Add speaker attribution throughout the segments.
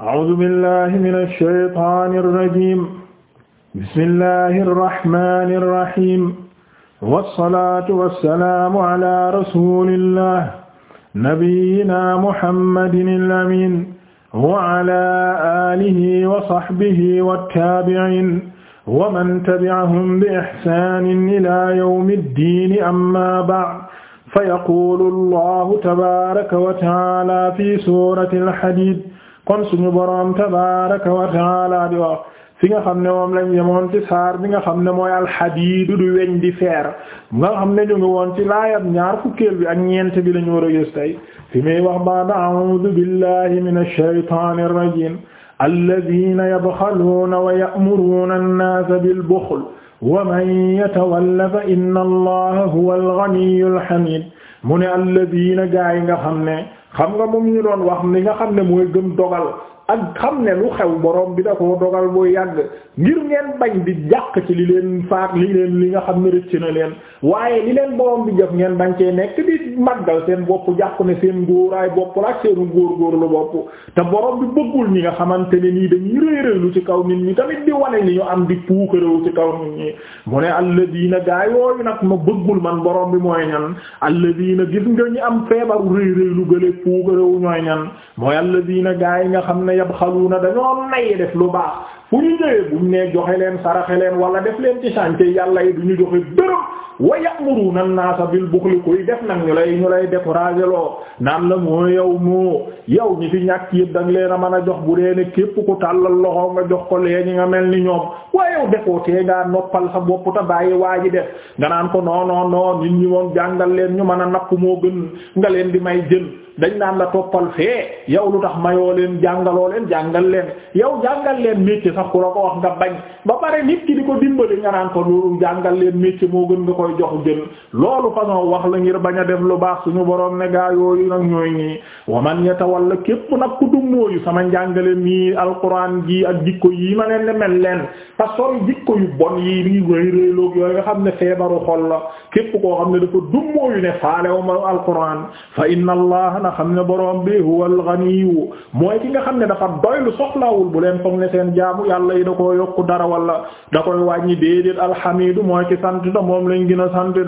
Speaker 1: أعوذ بالله من الشيطان الرجيم بسم الله الرحمن الرحيم والصلاة والسلام على رسول الله نبينا محمد الأمين وعلى آله وصحبه والتابعين ومن تبعهم بإحسان إلى يوم الدين أما بعد فيقول الله تبارك وتعالى في سورة الحديد kon suñu boroom tabaraka wa taala di wax fi nga xam ne moom lañ yemoon ci saar bi nga xam ne mooy alxadiidu du weñ di feer nga xam ne ñu ngi woon ci laayam ñaar fukkeel bi ak ñeent bi lañu war a gis tey fi muy wax baada a'uudu billahi minash a rajiim alladiina yabxaluuna a ya'muruuna an-naasa bil buxl wa man a fa inna allaha huwal ganiyyul a mu ne alladiina gaay nga xam ne xam nga moom ñu doon wax ni nga xam ne mooy gëm dogal ak xam ne lu xew borom bi da ko dogal boo yàgg ngir ngeen bañ di jàq ci li leen faat li leen li nga xam ne rëcc na leen waaye li leen borom bi jëf ngeen bañ cee nekk di màggal seen bopp jàpp ne seen ngóoraay bopp la ak seenu góorgóorlu bopp te borom bi bëggul ñi nga xamante ne nii dañuy réeréelu ci kaw nit ñi tamit di wane li ñu am di puukaréew ci kaw nit ñi mu ne alladina gaa yooyu nag ma bëggul man borom bi mooy ñan na gis nga ñu am feebaru réeréelu gële puukaréew ñooy ñan mooy alladina yabxaluuna dañoo nay def lu baax fu ñu ñëwee buñ nee joxe leen saraxe leen wala def leen ci chantier yàlla yi du ñu joxe bërëb wa ya'muruna an-naasa bil buxli kuy def nag ñu lay ñu lay décourager naan la moo yow moo yow ñi fi ñàkk yëpp danga leen a mën a jox bu dee ne képp ku tàllal loxo nga jox ko lee ñi nga mel ni ñoom waaye yow defoo tee ngaa noppal sa bopp te bàyyi waa ji def nga naan ko non non non nit ñi woon jàngal leen ñu mën a napp moo gën nga leen di may jën dañ naan la toppal fee yow lu tax mayoo leen jàngaloo leen jàngal leen yow jàngal leen métier sax ku la ko wax nga bañ ba pare nit ki di ko dimbali nga naan ko loolu jàngal leen métier moo gën nga koy jox jën loolu façon wax la ngir bañ a def lu baax suñu borom ne gaa yooyu nag ñooy ñii waman yatawalla képp nag ku dummóoyu sama njàngale mii alquran ji ak jikko yi ma leen ne mel leen te sori jikko yu bon yi lii rëy rëyloog yooyu nga xam ne feebaru xol la képp koo xam ne dafa dummóoyu ne faalew ma alquran fa inna allah na xam ne borom bi huwal ghaniyu mooy ki jaamu yàlla da koo yokku dara wala da koy wàññi déedéet alxamidu mooy ki sant da moom lañ gën a sant de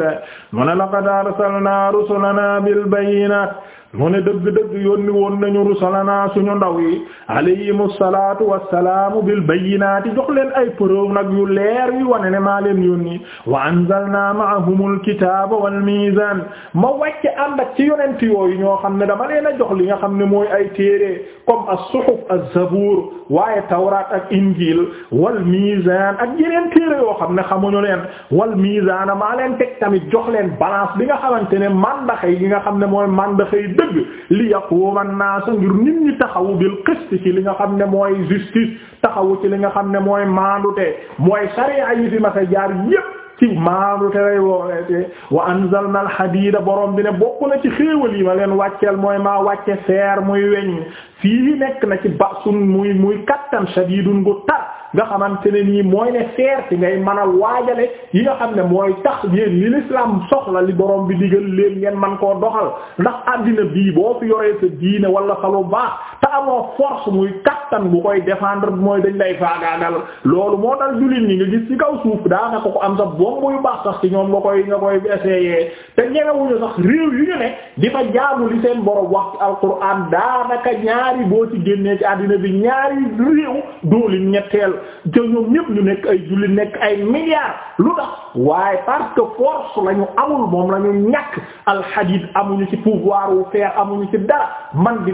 Speaker 1: mu ne laqad arsalna rusulana bil bayyinaat mu dëgg-dëgg yónni woon nañu rusulanaa suñu ndaw yi alayhimu salaatu wassalaamu bil bayyinaati jox leen ay preuve nag yu leer yu wane ne maa leen yónni wa anzalnaa ma'ahumul kitaaba wal miizaan ma wàcce ànd ak ci yonent yooyu ñoo xam ne dama leen a jox li nga xam ne mooy ay téere kom as-suhuf az waaye tawraat ak injiil wal miizaan ak yeneen téere yoo xam ne xamuñu leen wal miizaan maa leen teg tamit jox leen balance bi nga xamante ne mandaxe yi nga xam ne mooy mandaxe yi dëgg li yaquuma naasa ngir nit ñi taxawu bil qist ci li nga xam ne mooy justice taxawu ci li nga xam ne mooy maandute mooy sariya yi fi ma sa jaar yépp ci maandu te lay woowee wa anzalna alhadida borom bi ne bokku na ci xéewal yi ma leen wàcceel mooy maa wàcce feer muy weñ fii nekk na ci basun muy muy kattan shadidun gu tar nga xamante ne nii mooy ne seer ci ngay manal waajale yi nga xam ne mooy tax yéen li l'islam soxla li borom bi digal leen ngeen man koo doxal ndax àddina bii boo fi yoree sa diine wala sa lu baax amoo force muy kattan bu koy défendre mooy dañ lay faagaagal loolu moo dal jullit ñi nga gis ci kaw suuf daanaka ko am sax bomb yu baax sax ci ñoom nga koy nga koy essayé te ñemewuñu sax réew yu ñu ne di fa jaamu li seen borom wax ci alquran daanaka ñaari boo ci génnee ci àddina bi ñaari réew dooli ñetteel te ñoom ñépp ñu nekk ay jullit nekk ay milliards lu tax waaye parce que force la ñu amul moom la ñu ñàkk amuñu ci pouvoir wu faire amuñu ci dara man di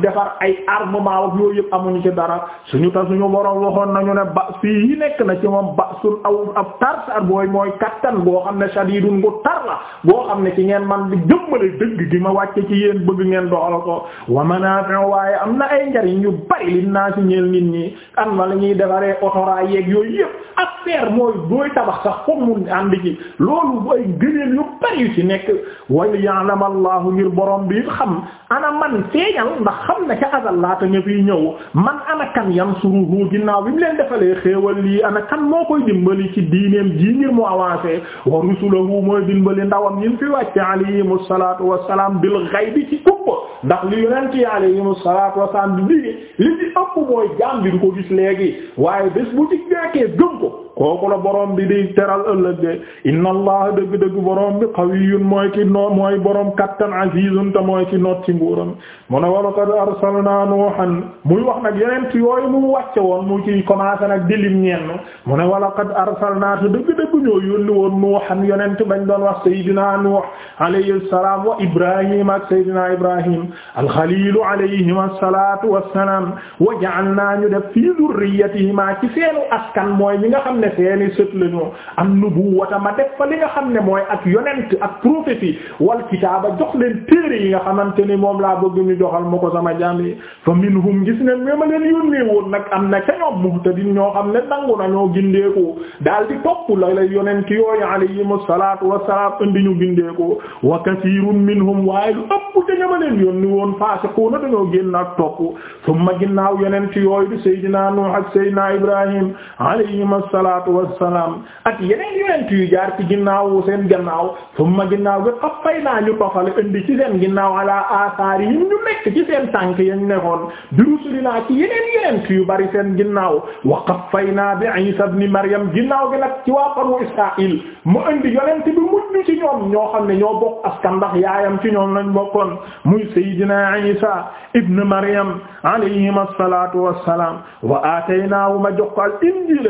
Speaker 1: mois ak yooyu yëpp ci dara suñu ta suñu borom waxoon nañu na ci ba suñ aw ab tar mooy kattan boo xam ne shadidun bu tar la boo xam ne ci ngeen man di jëmbale dëgg ma wàcce ci yéen bëgg ngeen doxal ko wa manafi'u waaye am na ay njariñ yu bari li naa ci ñeel nit ñi am na la ñuy defaree otoraay yeeg yooyu yëpp affaire mooy booy tabax sax foog mu ànd ci loolu booy gëneel yu bari yu ci nekk wal ya'lam Allahu ngir boroom bi xam ana man feeñal ndax xam na ca azal laata mindeef ñëw man ana kan yansuruhu ginnaaw bi mu leen defalee xéewal lii ana kan moo koy dimbali ci diineem jii ngir mu avancé wa rusuluhu mooy dimbali ndawam ñi fi wàcc alayhimu salaatu wassalaam bil ghaybi ci kuppa ndax li yonent yi alayhimu salaatu wassalaam di digee li ci ëpp mooy jaam bi du ko gis léegi waaye bés bu ci nekkee gëm ko kooku la borom bi di teral ëllëg de inna allah dëgg-dëgg borom bi qawiyyun mooy ki no mooy borom kattan azizun te mooy ki noot ci nguuram mu ne wala qad arsalna nuuhan muy wax nag yeneen ci yooyu mu wàcce woon mu ci commencé nag di lim ñenn mu ne wala qad arsalna te dëgg-dëgg ñoo yónni woon nuuhan yonent bañ doon wax saydina nuuh alayhi salaam wa ibrahim ak saydina ibrahim alxalilu alayhim assalatu wassalaam wa ja'alna ñu def fi dhurriyyatihima ci seenu askan mooy ñi nga xam ne seeni sët lañu am nubuwata ma def fa li nga xam ne mooy ak yonent ak prophétie wal kitaaba jox leen téere yi nga xamante ni moom laa bëgg ñu joxal ma ko sama jaam yi fa minhum gis ne ma leen yónnee woon nag am na ca ñoom muhtadin ñoo xam ne nangu nañoo ko daal di topp la la yonent yooyu alayhimu salaatu wassalaam di ñu ko wa kasiirun minhum waaye lu ëpp te ña ma leen yónni woon faasiquuna dañoo génn ak topp summa ginnaaw yonent yooyu di Seydina Nuh ak Seydina Ibrahim alayhimu salaam salaatu wassalaam ak yeneen yonent yu jaar ci ginnaaw seen gannaaw summa ginnaaw ga xappay naa ñu tofale indi ci seen ginnaaw ala asaari yi ñu nekk ci seen tànk yañ nekkoon bi rusulinaa ci yeneen yonent yu bari seen ginnaaw wa xappayna bi Isa ibn ginnaaw gi nag ci waa banu Israaïl mu indi yonent bi mujj ci ñoom ñoo xam ne ñoo bokk askan ndax yaayam ci ñoom lañ bokkoon muy Seydina Isa ibn Maryam alayhima salaatu wassalaam wa aataynaa ma jox ko al injiil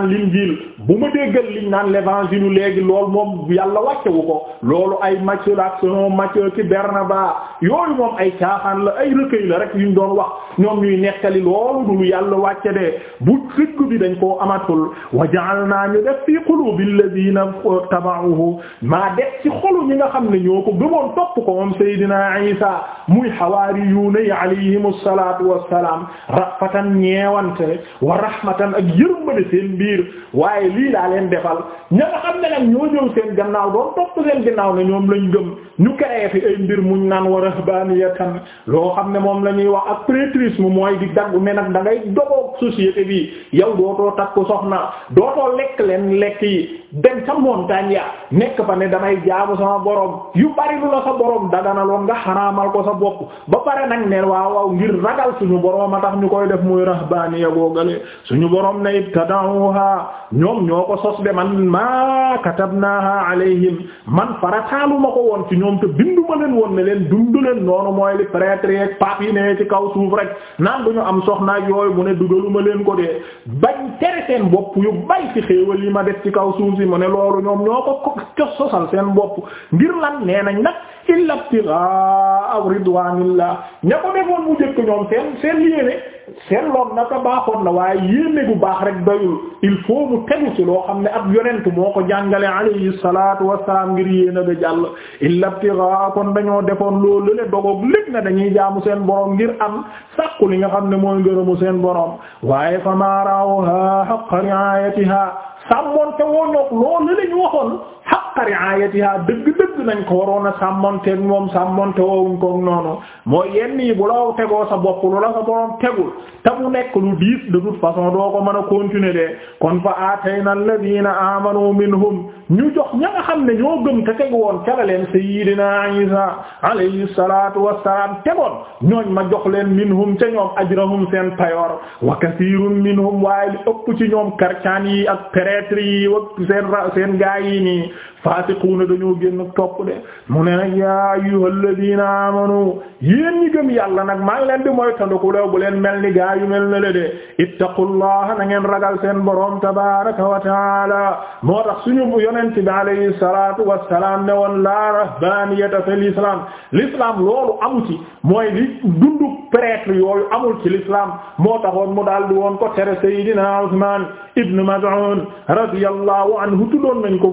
Speaker 1: naan l'injil bu ma déggal liñ naan l'évangile léegi lool moom yàlla wàccewu ko loolu ay Matthieu la ak selon Matthieu ci Barnabas yooyu moom ay caaxaan la ay recueil la rek yuñ doon wax ñoom ñuy nettali loolu du lu yàlla wàcce de bu fekk bi dañ koo amatul wa naa ñu def fi qulubil ladina taba'uhu maa def ci xolu ñi nga xam ne ñoo ko gëmoon topp ko moom Seydina Isa muy hawaariyuuna yi alayhimu salaatu wassalaam rafatan ñeewante wa rahmatan ak yërmande seen biir waaye lii laa leen defal ña nga xam ne nag ñoo ñëw seen gannaaw doon topp seen gannaaw ne ñoom lañ gëm ñu créé fi ay mbir muñ naan wa rahbaaniyatan loo xam ne moom altruisme mooy di daggu ne nag da ngay dogoog société bi yow dootoo takku soxna dootoo lekk leen lekk dem ca montagne ya nekk fa ne damay jaabu sama borom yu bari lu la sa borom daganaloon nga xaraamal ko sa bopp ba pare nag ne waaw waaw ngir ragal suñu borom a tax ñu koy def muy rahbaaniya googale suñu borom ne ibtada'uha ñoom ñoo ko sos de man maa katabnaha alayhim man farataaluma ko woon ci ñoom te binduma leen woon ne leen dundu leen noonu mooy li prêtre yeeg pape yi ci kaw suuf rek naan bu ñu am soxnaak yooyu mu ne dugaluma leen ko de bañ tere seen bopp yu bay ma def ci kaw si mu ne loolu ñoom ñoo ko ko cos sosal seen bopp ngir lan nee nañ nag illa ibtigha ridwanillah ña ko defoon mu jëkk ñoom seen seen yéene seen loon naka baaxoon na waaye yéene bu baax rek doyul il faut tegu ci loo xam ne ab yonent moo ko jàngale alayhi salaatu wassalaam ngir yéene ba jàll illa ibtigha kon dañoo defoon loolu le dogoog lépp dañuy jaamu seen boroom ngir am sàkku li nga xam ne mooy ngërëmu seen boroom waaye fa ma ra'awha haqqa ri'ayatiha sàmmoon te woo ñoog loolu la ñu waxoon xaqqa ri'ayatiha ah, dëgg-dëgg nañ ko waroon a sàmmonteeg moom sàmmonte woowuñ ko noonu mooy yenn yi bu la tegoo sa bopp lu la sa borom tegul te mu nekk lu diis de toute façon doo ko mën a continuer de kon fa aatayna alladhina amanu minhum ñu jox ña nga xam ne ñoo gëm te teg woon ca la leen sayyidina Isa alayhi salatu wassalam tegoon ñooñ ma jox leen minhum ca ñoom ajrahum seen payoor wa kathirun minhum waaye li ëpp ci ñoom karcaan yi ak prêtre yi ak seen faasiquuna dañoo génn topp de mu ne nag yaa ayyuhal ladiina amanu yéen ñi gëm yàlla nag maa ngi leen di moytandiku lew bu leen mel ni gaa yu mel na le de ittaqullaha na ngeen ragal seen boroom tabaaraka wa taala moo tax su yonent bi alayhi salaatu wassalaam ne woon laa rahbaaniyata fil islaam l'islam loolu amu ci mooy li dundu prêtre yooyu amul ci l'islam moo taxoon mu daal di woon ko tere Seydina Usmaan ibn Maz'un radiyallahu anhu tuddoon nañ ko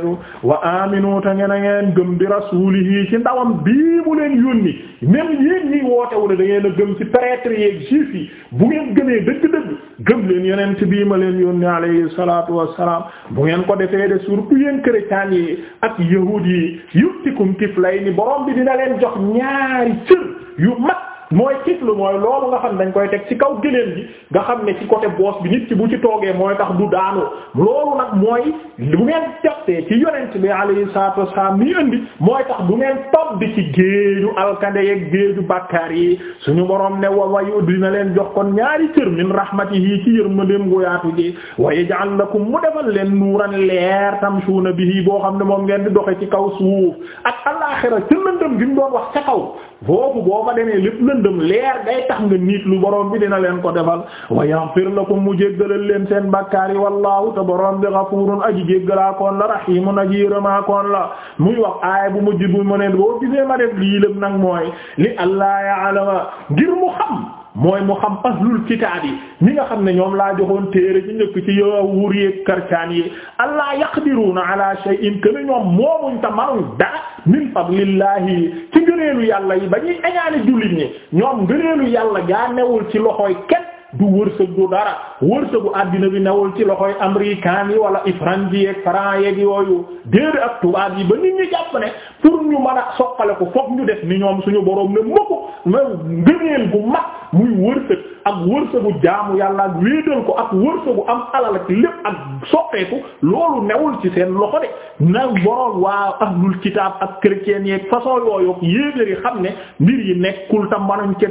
Speaker 1: lañu wa aminu ta ngeen a ngeen gëm bi rasulihi ci ndawam bii mu leen yónni même yéen ñi wootewu ne da a gëm ci prêtre yeeg juif yi bu ngeen gëmee dëgg-dëgg gëm leen yonent bii ma leen yónni alayhi salaatu wassalaam bu ngeen ko defee de surtout yéen chrétiens yi ak yahud yi yutikum kiflayni borom bi dina leen jox ñaari cër yu mag mooy kiflu mooy loolu nga xam dañ koy teg ci kaw gëléem gi nga xam ne ci côté boos bi nit ki bu ci toogee mooy tax du daanu loolu nag mooy bu ngeen jàppee ci yonent bi alayhi salaatu wassalaam mi indi mooy tax bu ngeen topp di ci géeju alkande yeeg géeju bàkkaar yi suñu borom ne wa wayu dina leen jox kon ñaari cër min yi ci yërmandeem gu yaatu waaye wa yaj'al lakum mu defal leen nuuran leer bi bihi boo xam ne moom ngeen di doxe ci kaw suuf ak Allah alaaxira ci lëndëm gi mu doon wax ca kaw foofu boo fa demee lépp lëndëm leer day tax nga niit lu borom bi dina leen ko defal wa yaghfir lakum mu jéggalal leen seen bakkaar yi wallaahu te borom bi ghafurun aji jéggalaakoon la rahimun aji yërëmaakoon la muy wax aaya bu mujj bu mu ne boo gisee ma lii lépp nag mooy li allah ya'lama ngir mu xam mooy mu xam ahlul kitaab yi ñi nga xam ne ñoom laa joxoon téere ci njëkk ci yahuud yi karcaan yi allah yaqdiruuna ala shay'in kuene ñoom moomuñ ta maruñ dara min fadlillahi ci ngëneelu yàlla yi ba ñuy añaane jullit ñi ñoom ngëneelu yàlla gaa newul ci loxooy kenn du wërsëg du dara wërsëgu àddina bi newul ci loxoy américain yi wala ifranji yeeg franc yeeg yooyu déedéet ak tubaab yi ba nit ñi jàpp ne pour ñu mën a soqale ko fokk ñu def ni ñoom suñu boroom ne mukk ma ngëneel gu mag muy wërsëg ak wërsëgu jaamu yàlla ak wéetal ko ak wërsëgu am alal ak lépp ak soppeeku loolu newul ci seen loxo de nag boroom waa ahlul kitaab ak chrétien yeeg façon yooyu yéegéer yi xam ne mbir yi nekkul tam manuñ ci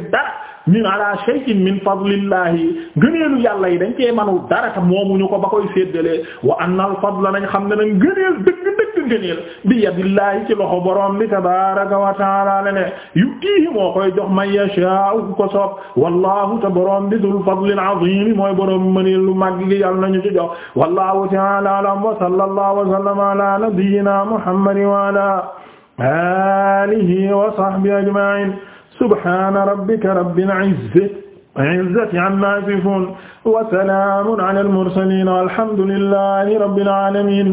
Speaker 1: min ala shay'in min fadlillahi gëneelu yàlla yi dañ cee manu dara te moomuñu ko ba koy séddalee wa anna al fadla nañ xam ne nañ gëneel dëgg dëgg gëneel bi yadillahi ci loxo borom bi tabaraka wa taala la ne yutihi moo koy jox man yasha'u ko soob wallahu te borom bi dul fadlil azim mooy borom mëneel lu mag gi yàlla nañu ci jox wallahu ta'ala a'lam wa sallallahu wa sallama ala nabiyyina muhammadin wa ala alihi wa sahbihi ajma'in subhaana rabbika rabbil izzati izzati ammaa yasifuun wa salaamun alal mursaliin walhamdu lillaahi rabbil aalamiin